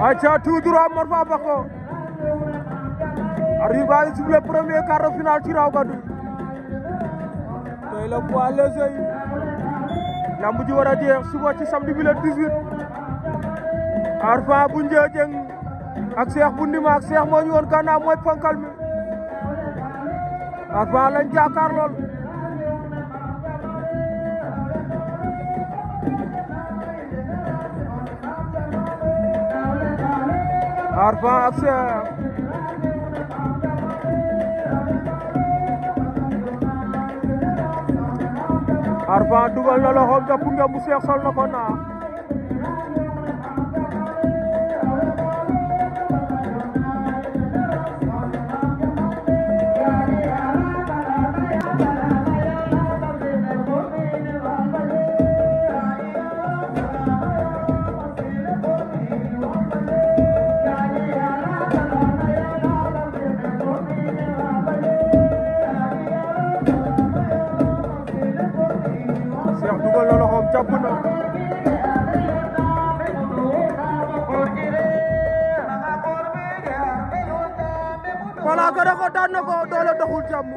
aca tout droit Mor Faa Bako arrivé à le premier quart de finale ci Raawgadu tey la poids léger yi lamb ji war a jeex suba ci samedi bi le 18 Arfaa bu Njeejeng ak Cheikh bu Ndima ak Cheikh moo ñu woon gannaaw mooy ponkal mi Arfaa lañ jàkkaar lool Arfan ak Cheikh Arfan dugal na loxoom jàpp nga bu Cheikh sol na ko naa Cheikh dugal na loxoom jàpp na Palaaka da ko daan na ko doole doxul jàmm